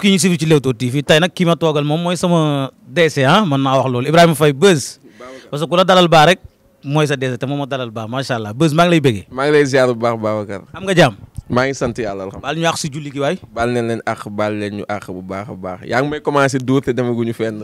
kii yi ñu suivre ci Leewtoo TV tey nag kii ma toogal moom mooy sama DC ah mën naa wax loolu Ibrahima Faye Beuz parce que la dalal baa rek mooy sa DC te moom ma dalal baa macha allah Beuz maa lay bëggee. maa ngi lay ziar bu baax am nga jàmm. maa ngi sant yàlla alhamdulilah. baal ñu àq si julli baal leen leen àq baal leen ñu àq bu baax a baax yaa ngi may commencé dóor te demaguñu fenn.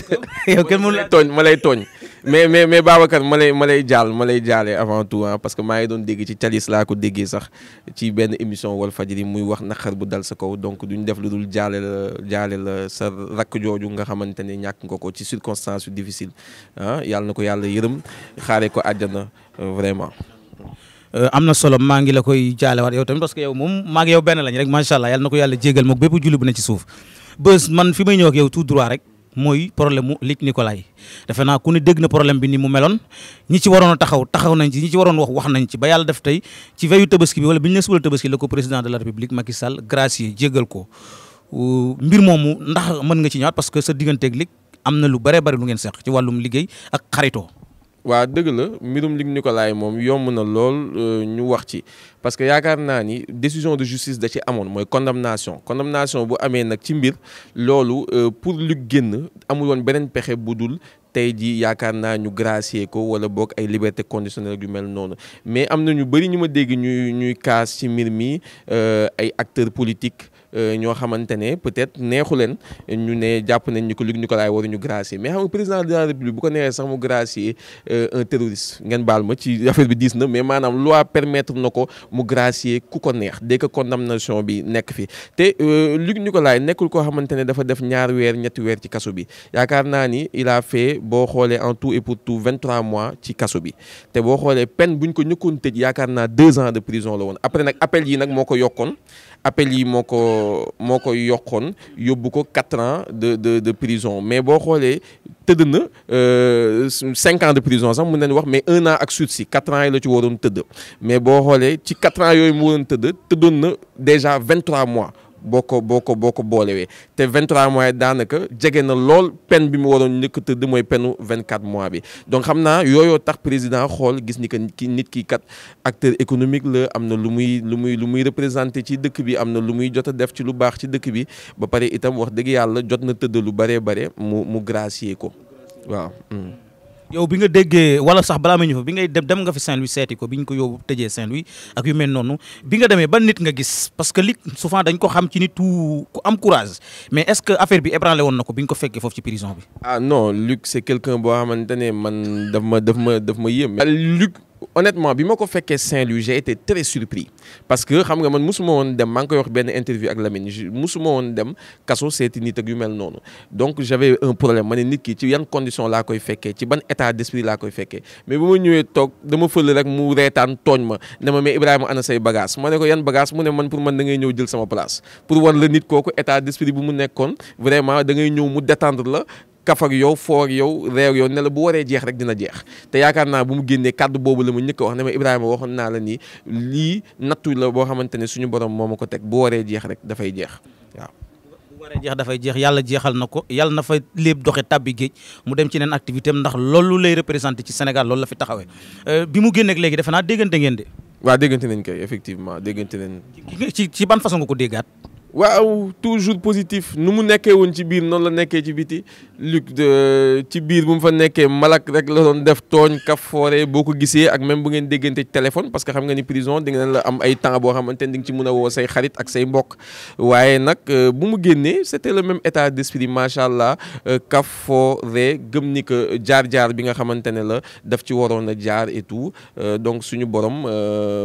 yow kenn mënu la tooñ ma lay tooñ. mais mais mais Babacar ma lay ma jaal ma lay jaalee avant tout parce que maa ngi doon dégg ci talis laa ko déggee sax ci benn émission Walfadjri muy wax naqar bu dal sa kaw donc duñ def lu dul jaale la jaale la sa rakk jooju nga xamante ne ñàkk nga ko ci circonstance yu difficile ah yàlla na ko yàlla yërëm xaaree ko àjjana vraiment. Euh, am na solo maa ngi la koy jaalewaat yow tamit parce que yow moom maa ngi yow benn lañ rek macha allah yàlla na ko yàlla jégal moog bépp julli bu ne ci suuf bés man fi may ñëw ak yow tout droit rek mooy problème mu Luc Nicolaï defe naa ku ne dégg na problème bi ni mu meloon ñi ci waroon taxaw taxaw nañ ci ñi ci waroon wax wax nañ ci ba def tey ci veyu tabaski bi wala bi ñu ne la ko président de la république Macky gracier jégal ko euh, mbir moomu ndax mën nga ci ñëwaat parce que sa digganteeg Luc am na lu bëree bëri lu ngeen seq ci wàllum liggéey ak xarito waa dëgg la mbirum Luc Nicolaï moom yomb na lool euh, ñu wax ci parce que yaakaar naa ni décision de justice da ci amoon mooy condamnation condamnation bu amee nag ci mbir loolu euh, pour lu génn amul woon beneen pexe bu dul tey jii yaakaar naa ñu gracier ko wala boog ay liberté conditionnelle yu mel noonu mais am na ñu bëri ñu ma dégg ñuy ñuy kaas ci mbir mi euh, ay acteurs politiques. Euh, ñoo xamante ne peut-être neexu leen ñu ne jàpp nañ ñu ko Luc Nicolaï waruñu gracier mais xam nga président de la république bu ko neexee sax mu gracier euh, un terroriste ngeen baal ma ci affaire bi diis na mais maanaam loi permettre na ko mu gracier ku ko neex dès que condamnation bi nekk fi te euh, Luc Nicolaï nekkul koo xamante ne dafa def ñaar weer ñetti weer ci kaso bi yaakaar naa ni il a fait boo xoolee en tout et pour tout vingt trois mois ci kaso bi te boo xoolee peine buñ ko ñëkkoon tëj yaakaar naa deux ans de prison la woon après nag moo ko yokkoon appel yi moo ko moo ko yokkoon yóbbu ko quatre ans de de de prison mais boo xoolee tëdd na euh, cinq ans de prison sax mun nañu wax mais un an ak sursis quatre ans yi la ci waroon tëdd mais boo xoolee ci quatre ans yooyu mu waroon tëdd tëddoon na déjà vingt-trois mois boo ko boo ko boo ko boolewee te vingt 23 mois daanaka jege na lool peine bi mu waroon njëkk tëdd mooy peine 24 mois bi donc xam naa yooyoo tax président xool gis ni que ki nit ki kat acteur économique la am na lu muy lu muy représenté ci dëkk bi am na lu muy jot a def ci lu baax ci dëkk bi ba pare itam wax dëgg yàlla jot na tëdd lu bare bare mu mu gracier ko waaw. Hmm. yow bi nga déggee wala sax balaa ma ñu bi ngay dem dem nga fi Saint-Louis seeti ko bi ñu ko yóbbu tëjee Saint-Louis ak yu mel noonu bi nga demee ban nit nga gis parce que li souvent dañ ko xam ci nit ku am courage mais est-ce que affaire bi ébranlé woon na ko bi ñu ko fekkee foofu ci prison bi. ah non Luc c'est quelqu'un boo xamante ne man daf ma daf ma daf ma yéem. Luc honnêtement bi ma ko fekkee Saint-Louis j'ai été très surpris parce que xam nga man musuma woon dem maa ngi koy wax benn interview ak Lamine musuma woon dem kaso seeti nit ak yu mel noonu donc j'avais un problème ma ne nit ki ci yan condition laa koy fekkee ci ban état d'esprit laa koy fekkee mais bu ma ñëwee toog dama fël rek mu reetaan tooñ ma ne ma mais Ibrahima ana say bagage ma ne ko yan bagage mu ne man pour man dangay ngay ñëw jël sama place pour wan la nit kooku état d'esprit bu mu nekkoon vraiment da ñëw mu détendre la kaf ak yow foo ak yow reer yow la bu waree jeex rek dina jeex te yaakaar naa bu mu génnee kàddu boobu la ma nëkk wax ne ma Ibrahima waxoon naa la ni lii nattu la boo xamante ne suñu borom moom ma ko teg bu waree jeex rek dafay jeex waaw. jeex dafay jeex yàlla jeexal na ko yàlla na fa léeb doxe tàbbi géej mu dem ci neen activité am ndax loolu lay représenté ci Sénégal loolu la fi taxawee euh, bi mu génneeg léegi defe naa déggante ngeen de. waaw déggante nañ kay effectivement déggante nañ. ci ci ban façon ko déggaat. waaw toujours positif nu mu nekkee woon ci biir noonu la nekkee ci biti Luc de ci biir bu mu fa nekkee malak rek la doon def tooñ kaf foore boo ko gisee ak même bu ngeen déggante ci téléphone parce que xam nga ni prison di nga la am ay temps boo xamante ni di nga ci mën a woo say xarit ak say mbokk waaye nag euh, bu mu génnee c'était la même état d'esprit macha allah euh, kaf foore gëm ni que jaar-jaar bi nga xamante ne la def ci waroon a jaar et euh, donc suñu borom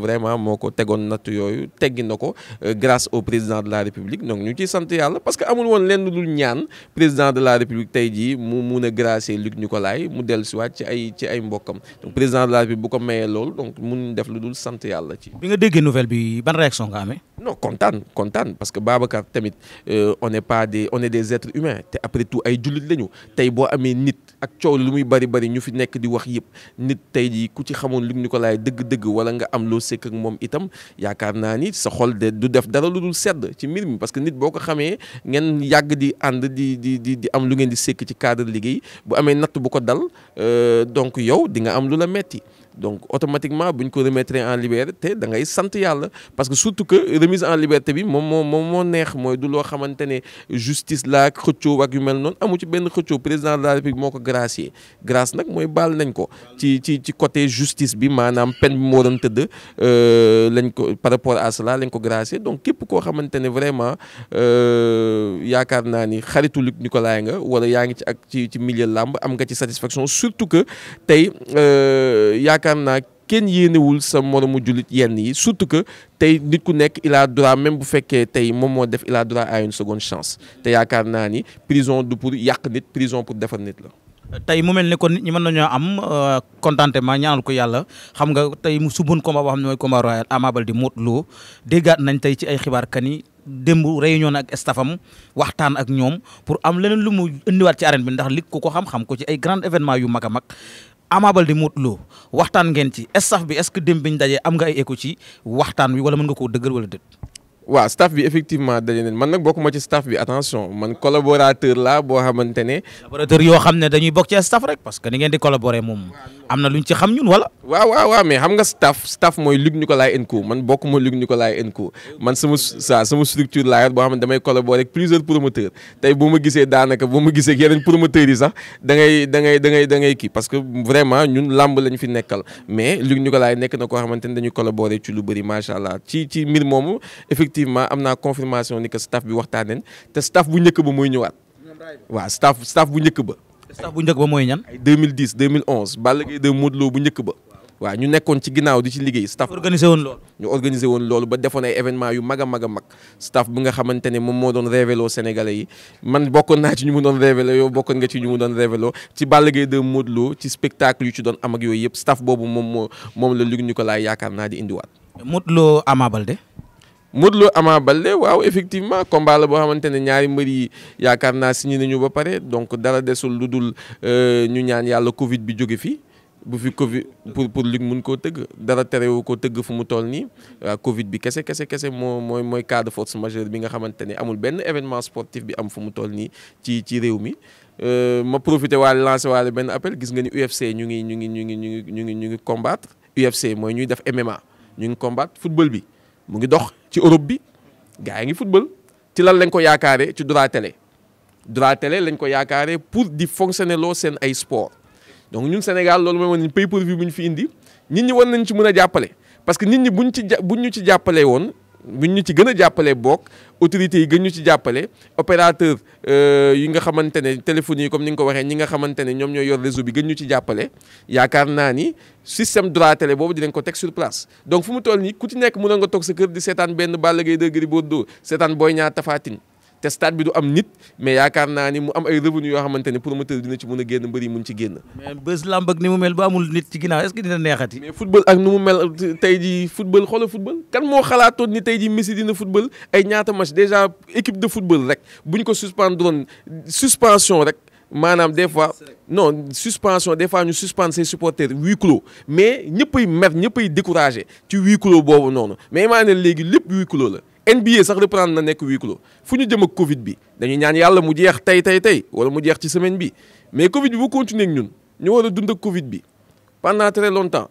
vraiment moo ko tegoon natt yooyu teggi na ko grâce au président de la république donc ñu ciy sant yàlla parce que amul woon lenn dul ñaan président de la république tey jii mu mun a gracier Luc Nicolaï mu dellusiwaat ci ci ay mbokkam président de la république bu ko mayee loolu donc mun def lu dul sant yàlla ci. bi nga déggee nouvelle bi ban réaction nga amee. non kontaan kontaan parce que Babacar tamit euh, on est pas des on est des êtres humains te après tout ay jullit lañu tey boo amee nit ak coow lu muy bari bari ñu fi nekk di wax yëpp nit tey jii ku ci xamoon Luc Nicolaï dëgg-dëgg wala nga am loo sekk ak moom parce que nit boo ko xamee ngeen yàgg di ànd di di di di am lu ngeen di sekk ci cadre liggéey bu amee natt bu ko dal euh, donc yow di nga am lu la metti donc automatiquement bu ñu ko remettre en liberté da ngay sant yàlla parce que surtout que remise en liberté bi moom moo moom moo neex mooy du loo xamante ne justice la ak xëccoo ak yu mel noonu amu ci benn xëccoo président de la république moo ko gracier grâce nag mooy baal nañ ko ci ci ci côté justice bi maanaam peine bi moo doon tëdd euh, lañ ko par rapport à cela lañ ko gracier donc képp koo xamante ne vraiment euh, yaakaar naa ni xaritu Luc Nicolaï nga wala yaa ngi ci ak ci ci milieu làmb am nga ci satisfaction surtout que tey euh, yaakaar naa kenn yéenewul sa moromu jullit yenn yi surtout que tey nit ku nekk il a droit même bu fekkee tey moom moo def il a droit à une seconde chance te yaakaar naa ni prison du pour yàq nit prison pour defar nit la. tey mu mel ni kon nit ñi mën nañoo am euh, contentement ñaanal ko yàlla xam nga tey mu subun combat boo xam ne mooy combat royal Ama Baldé Modou Lô déggaat nañ tey ci ay xibaar kan yi démb réunion na ak stafam waxtaan ak ñoom pour am leneen lu mu indiwaat ci arène bi ndax lig ku ko xam-xam ko ci ay grande événement yu mag a mag Ama Baldé Modou Lo waxtaan ngeen ci staff bi est-ce que dem biñ dajee am nga ay écho ci waxtaan wi wala mën nga koo dëgër wala déet waaw staff bi effectivement daje nañ man nag bokkuma ci staff bi attention man collaborateur laa boo xamante ne. collaborateur yoo xam ne dañuy bokk ci parce que ni ngeen di collaborer moom am na luñ ci xam ñun wala. waaw waaw waaw mais xam nga staff staff mooy Luc Nicolaï Co man bokkuma Luc Nicolaï Co man sama saa sama boo xam ne damay collaborer ak plusieurs promoteurs tey bu ma gisee daanaka bu ma gisee yeneen promoteurs yi sax da ngay da ngay da ngay kii parce que vraiment ñun làmb lañ fi nekkal mais ñu ko Nicolaï nekk na koo xamante ne dañuy collaborer ci lu bëri macha allah ci ci mbir effectivement am naa confirmation ni que staff bi waxtaan nañ te staff bu njëkk ba mooy ñëwaat waaw staff staff bu njëkk ba. bu mooy ñan. ay 2010 2011 Balla Gaye 2 Modou Lo bu njëkk ba. waaw ñu nekkoon ci ginnaaw di ci liggéey staff. organisé woon loolu. woon loolu ba defoon ay événement yu mag a mag a mag staff bi nga xamante ne moom moo doon révélo Sénégalais yi man bokkoon naa ci ñu mu doon révélo yow bokkoon ci doon révélo ci Balla Gaye 2 Modou Lo ci spectacle yu ci doon am yooyu yëpp staff boobu moom moo moom la Luc Nicolaï yaakaar naa di indiwaat. Modou Lo Ama Modou Lo Ama Baldé waaw effectivement combat boo xamante ne ñaari mbër yi yaakaar naa si signé nañu ba pare donc dara desul lu dul euh, ñu ñaan yàlla Covid bi jóge fi bu fi Covid pour pour lig mun koo tëgg dara terewu ko tëgg fu mu toll nii waaw Covid bi kese kese kese moo mooy mooy cas de force majeure bi nga xamante ne amul benn événement sportif bi am fu mu toll nii ci ci réew mi. Euh, ma profité waale lancé waale benn appel gis nga ni UFC ñu ngi ñu ngi ñu ngi ñu ngi ñu ngi ñu ngi combattre mooy ñuy def MMA ñu ngi combattre football bi ci Europe bi gars yi ngi football ci lan lañ ko yaakaaree ci Dura Télé Dura lañ ko yaakaaree pour di fonctionner loo seen ay sport donc ñun Sénégal loolu mooy woon pay per view bu ñu fi indi nit ñi war nañ ci mun a jàppale parce que nit ñi buñ ci buñ ñu ci jàppale woon buñ ñu ci gën a jàppale book autorités yi gën ñu ci jàppale opérateur euh, yi nga xamante ne téléphones yi comme ni nga ko waxee ñi nga xamante ne ñoom ñooy yor réseau bi gën ñu ci jàppale yaakaar naa ni système droit télé boobu dinañ ko teg sur place donc fu mu toll nii ku ci nekk mën nga toog sa kër di seetaan benn Balla Gaye 2 Gris Bordeaux seetaan Boy Niang Tapha te stade bi du am nit mais yaakaar naa ni mu am ay revenus yoo xamante ni promoteur dina ci mën a génn mbër yi mun ci génn. mais bés làmb ak ni mu mel ba amul nit ci ginnaaw est ak nu mel tey jii football xoolal football kan moo xalaatoon ni tey jii Messi dina football ay ñaata match déjà équipe de football rek bu ñu ko suspendroon suspension rek. maanaam des fois non suspension des fois ñu suspendre ses supporters huis clos mais ñëppay mer ñëppay découragé ci huis clos boobu noonu mais maa ne léegi lépp la. NBA sax reprendre na nekk huis clos fu ñu jëm ak Covid bi dañuy ñaan yàlla mu jeex tey tey tey wala mu jeex ci semaine bi mais Covid bi bu continuer ñun ñu war a dund Covid bi pendant très longtemps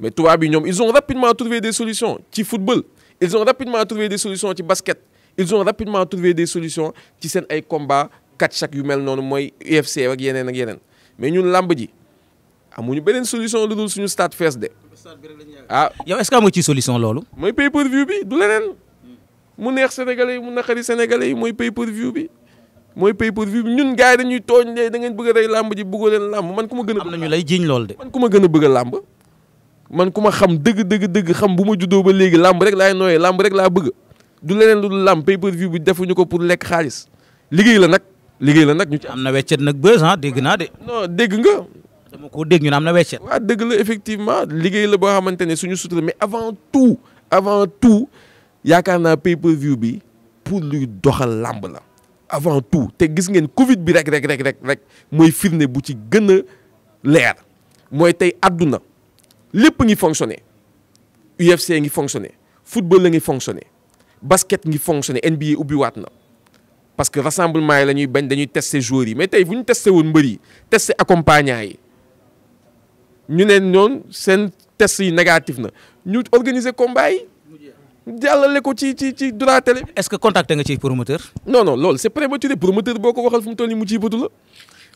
mais tubaab yi ñoom ils ont rapidement trouvé des solutions ci football ils ont rapidement trouvé des solutions ci basket ils ont rapidement trouvé des solutions ci seen ay combat catch ak yu mel noonu mooy UFC ak yeneen ak yeneen mais ñun làmb ji amuñu beneen solution lu dul suñu stade fees de. ah yow est-ce que am nga loolu. mu neex sénégalais yi mu na sénégalais yi mooy pay per view bi mooy pay per view bi ñun gars yi dañuy tooñ de da ngeen bëgg rey làmb ji bëggoo leen làmb man ku ma gën a. am na lay jiñ lool de. man ku ma gën a bëgg làmb man ku ma xam dëgg dëgg dëgg xam bu ma juddoo ba léegi làmb rek laay nooyee làmb rek laa bëgg du leneen lu dul làmb pay bi defuñu ko pour lekk xaalis liggéey la nag liggéey la nag ñu ci am na weccet nag buzz ah dégg naa de. non nga. dama ko dégg ñu ne am na weccet. waaw dëgg la effectivement liggéey la boo xamante ne suñu sutura mais avant tout avant tout yaakaar naa pay per view bi pour luy doxal làmb la avant tout te gis ngeen Covid bi rek rek rek rek rek mooy firnde bu ci gën a leer mooy tey àdduna lépp ngi fonctionné UFC ngi fonctionné football la ngi fonctionné basket ngi fonctionné NBA ubbiwaat na parce que rassemblement yi la ñuy bañ dañuy tester joueurs yi mais tey bu ñu testé woon mbër yi testé accompagnant yi ñu ne noonu seen test yi negatif na ñu organiser combat yi. jàllale ko ci ci ci Donatele bi. est-ce que contacté nga ci promoteur. non non loolu c'est prématuré promoteur boo ko waxal fu mu toll nii mu ciy bëtu la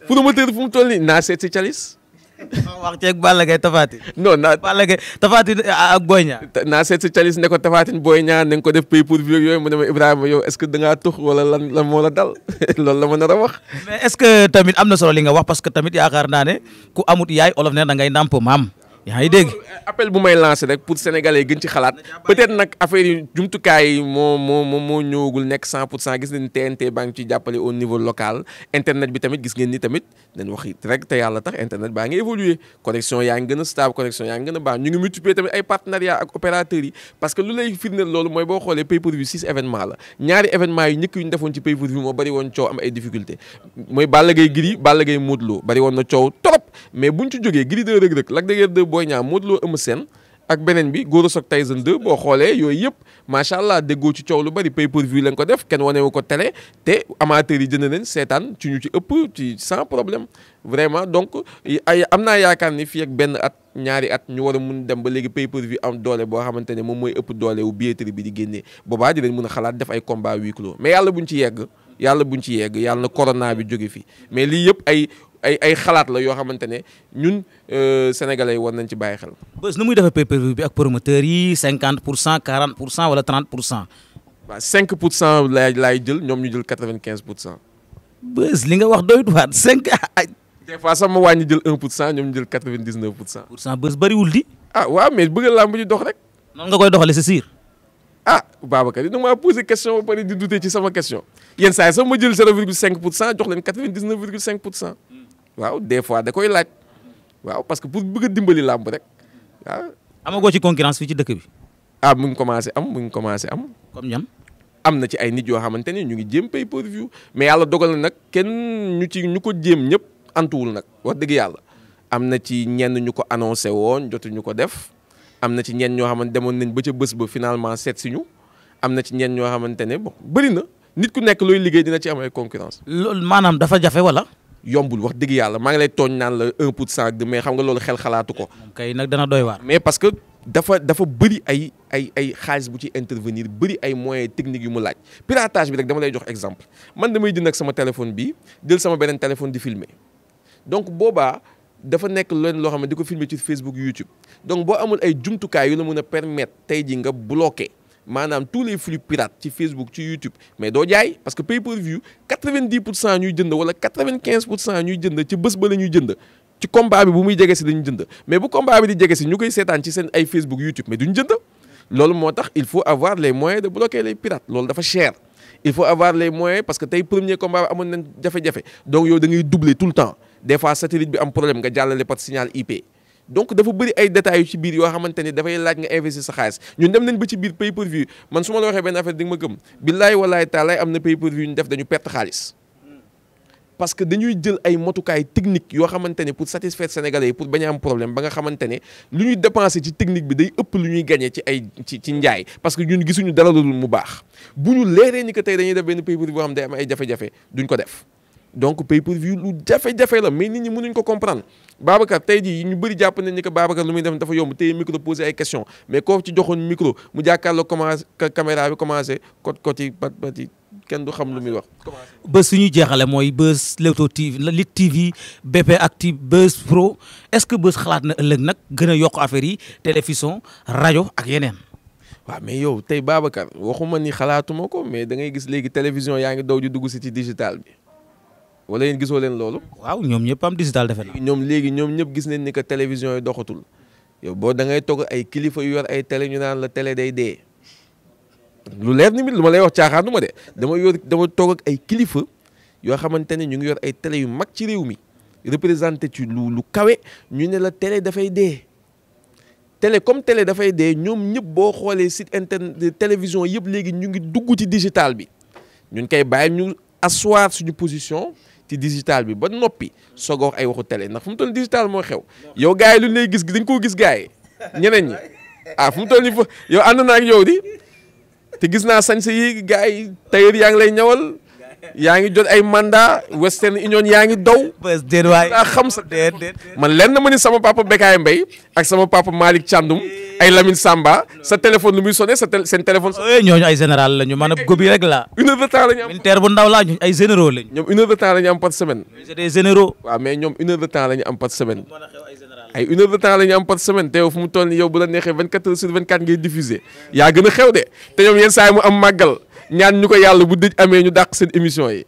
promoteur fu mu toll nii naa seet si Thialis. wax ceeg Balla Gaye Tapha Tine. non naa Balla Gaye Tapha Tine ak Boy Niang. naa seet si Thialis ne ko Tapha Tine Boy Niang na nga ko def pay pour view yooyu mu ne ma Ibrahima yow est-ce que da ngaa tux wala lan lan moo la dal loolu la ma nar a wax. mais est-ce que tamit am na solo li nga wax parce que tamit yaakaar naa ne ku amut yaay olof ne da ngay ndàmp maam. yaa ngi dégg appel bu may lancé rek pour sénégalais gën ci xalaat peut-être nag affaire yi jumtukaay moo moo moo ñëwagul nekk 100 pour cent gis nañ TNT baa ngi ciy jàppale au niveau local internet bi tamit gis ngeen ni tamit dañ wax rek te yàlla tax internet baa ngi évoluer connexion yaa ngi a stable connexion yaa ngi gën a baax ñu ngi multiplier tamit ay partenariat ak opérateurs yi parce que lu lay firndeel loolu mooy boo xoolee pay-per-view six événement la ñaari woon coow am ay difficulté mooy Balla Boy Niang Modou xoolee yooyu yëpp macha allah déggoo ci coow lu bari kenn wanewu ko télé te amateurs yi seetaan ci ñu ci ëpp ci sans problème vraiment donc ay am naa yaakaar ni fii ak benn at ñaari at ñu war a mun dem ba léegi pay per view am doole boo xamante ne moom mooy ëpp doole wu bi di génne boobaa dinañ mun a xalaat def ay combat huis clos mais yàlla buñ ci yegg yàlla buñ ci yegg yàlla na corona bi jóge fi mais lii yëpp ay ay ay xalaat la yoo xamante ne ñun euh, sénégalais yi war nañ ci bàyyi xel. bés nu muy defee pay-per-view bi ak promoteurs yi cinquante pour cent quarante pour cent wala trente pour cent. waaw cinq pour cent laay ñoom ñu jël quatre vingt quinze pour cent. bés li nga wax doyut waat cinq ay. des fois sax ma jël un pour cent ñoom ñu jël quatre vingt dix neuf pour cent. pour cent bés di. ah waaw mais bëgg làmb ji dox rek. noonu nga koy doxalee c'est sûr. ah Babacar yi da maa posé question ba pare di douter ci sama waaw des fois da koy laaj waaw parce que pour bëgg a dimbali làmb rek waaw. amagoo ci concurrence fii ci dëkk bi. ah mu ngi commencé am mu ngi commencé am. comme ñam. am na ci ay nit yoo xamante ne ñu ngi jéem pay per mais yàlla dogal na nag kenn ñu ci ñu ko jéem ñëpp antuwul nag wax dëgg yàlla am na ci ñenn ñu ko annoncé woon jotuñu ko def am na ci ñenn ñoo xamante demoon nañ ba ca bés ba finalement seet si am na ci ñenn ñoo xamante ne bon bëri na nit ku nekk looy liggéey dina ci am ay concurrence. loolu maanaam dafa jafe wala. yombul wax dëgg yàlla maa ngi lay tooñ naan la un pour cent mais xam nga loolu xel xalaatu ko. kay nag dana doy waar. mais parce que dafa dafa bëri ay ay ay xaalis bu ci intervenir bëri ay moyens technique yu mu laaj piratage bi rek dama lay jox exemple man damay jënd ak sama téléphone bi jël sama beneen téléphone di filmer donc boobaa dafa nekk leen loo xam ne di ko filmer ci Facebook YouTube donc boo amul ay jumtukaay yu la mën a permettre tey ji nga bloqué. maanaam tous les flux pirates ci Facebook ci YouTube mais doo jaay parce que pay per view quatre vingt dix pour cent ñuy jënd wala quatre vingt quinze pour cent ñuy jënd ci bés ba la jënd ci combat bi bu muy jege si dañu jënd mais bu combat bi di jege si ñu koy seetaan ci seen ay Facebook YouTube mais duñ jënd loolu moo tax il faut avoir les moyens de bloquer les pirates loolu dafa cher. il faut avoir les moyens parce que tey premier combat bi amoon nañ jafe-jafe donc yow da ngay doubler tout le temps donc dafa bëri ay détails ci biir yoo xamante ni dafay laaj nga investir sa xaalis ñun dem nañ ba ci biir pay per view man su ma la waxee benn affaire di nga ma gëm billaay walaay taalaay am na pay per view ñu def dañu perte xaalis parce que dañuy jël ay motukaay technique yoo xamante ne pour satisfaire sénégalais yi pour bañ a am problème ba nga xamante ne lu ñuy dépensé ci technique bi day ëpp lu ñuy gagné ci ay ci ci njaay parce que ñun gisuñu dara lu mu baax bu ñu leeree ni tey dañuy def benn pay boo xam day am ay jafe duñ ko def donc pay per view lu jafe-jafe la mais nit ñi mënuñ ko comprendre Babacar tey jii ñu bëri jàpp nañ ni que Babacar lu muy def dafa yomb téye micro posé ay question mais koo ci joxoon micro mu jàkkaarloo commencé bi commencé kot koti bat bati kenn du xam lu muy wax. bés su ñu jeexale mooy bés Leewtoo TV Lutte TV BP Actu bés pro est-ce que bés xalaat na ëllëg nag gën a yokk affaire yi télévision rajo ak yeneen. waa mais yow tey Babacar waxuma ni xalaatuma ko mais da gis léegi télévision yaa ngi daw di dugg si ci digital bi. wala yéen gisoo leen loolu. waaw ñoom ñëpp am digital defe naa. ñoom léegi ñoom ñëpp gis nañ ni que télévision yi doxatul yow boo da ngay toog ay kilifa yu yor ay télé ñu naan la télé day dee lu leer ni mi lu ma lay wax caaxaanu ma de dama yor dama toog ay kilifa yoo xamante ne ñu ngi yor ay télé yu mag ci réew mi représenté ci lu lu kawe ñu ne la télé dafay dee. télé comme télé dafay dee ñoom ñëpp boo xoolee site internet télévision yëpp léegi ñu ngi dugg ci digital bi ñun kay bàyyi ñu asseoir suñu position. ci digital bi ba noppi soog a wax ay waxu télé ndax fu mu toll digital moo xew yow gars yi lu lay gis dañ koo gis gars ñeneen ñi ah fu mu toll ni fa yow ànd naa ak yow di te gis naa sañse yi gars yi yaa ngi lay ñawal yaa ngi jot ay mandat Western Union yaa ngi daw. déet waay xam sa man lenn ma ni sama papa Bekaay Mbaye ak sama papa Malick Thiandoum. ay Lamine Samba sa téléphone nu muy sonné sa seen téléphone. Eh, ñooñu ay général la ñu maanaam góob yi rek la ñu bu ndaw laa ay généraux lañu. ñoom une heure de temps la am par de semaine. ay une heure de temps la ñu am par semaine te yow mu toll yow bu la neexee 24 heures sur 24 ngay diffuser yaa gën a xew de te ñoom yenn saa mu am màggal ñaan ñu ko yàlla bu dëj amee ñu dàq seen émission yi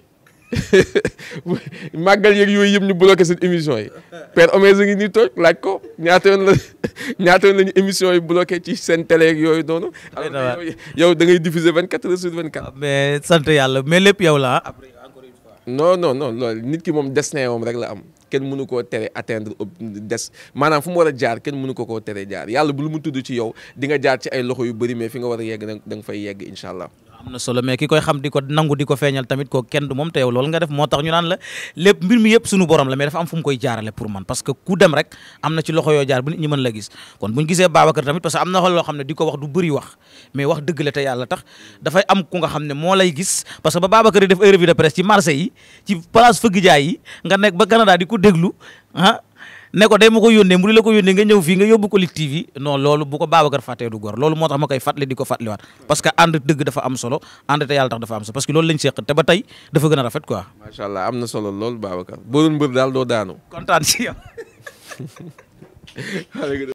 màggal yeeg yooyu yëpp ñu bloqué seen émission yi Père Omez a ngi nii toog laaj ko ñaata yoon la ñaata yoon lañu émission yi bloqué ci seen télé yeeg yooyu noonu. yow da ngay diffuser 24 heures sur 24. Ah, mais sant yàlla mais lépp yow la ah. après encore une fois. non non non loolu nit ki moom destin moom rek la am kenn mënu koo tere atteindre des maanaam fu mu war a jaar kenn mënu ko koo tere jaar yàlla bu lu mu tudd ci yow di nga jaar ci ay loxo yu bëri mais fi nga war a yegg da nga fay yegg incha allah. am na solo mais ki koy xam di ko nangu di ko feeñal tamit ko kenn du moom te yow loolu nga def moo tax ñu naan la lépp mbir mi yëpp sunu borom la mais dafa am fu mu koy jaarale pour man parce que ku dem rek am na loxo la gis xam ne di ko wax du bëri wax mais wax dëgg la te yàlla tax dafay am ku nga xam ne moo lay gis parce que ba Babacar yi def ay de presse ci marché yi ci place fëgg jaay yi nga nekk ba Canada di ko déglu ah ne ko day ma ko yónnee mu di la ko yónnee nga ñëw fii nga yóbbu ko Lutte TV non loolu bu ko Babacar fàttee du gor loolu moo tax ma koy fàttali di ko fàttaliwaat parce que ànd dëgg dafa am solo ànd te yàlla tax dafa am solo parce que loolu lañ seq te ba tey dafa gën a rafet quoi. am na solo loolu Babacar boo doon mbër daal doo daanu.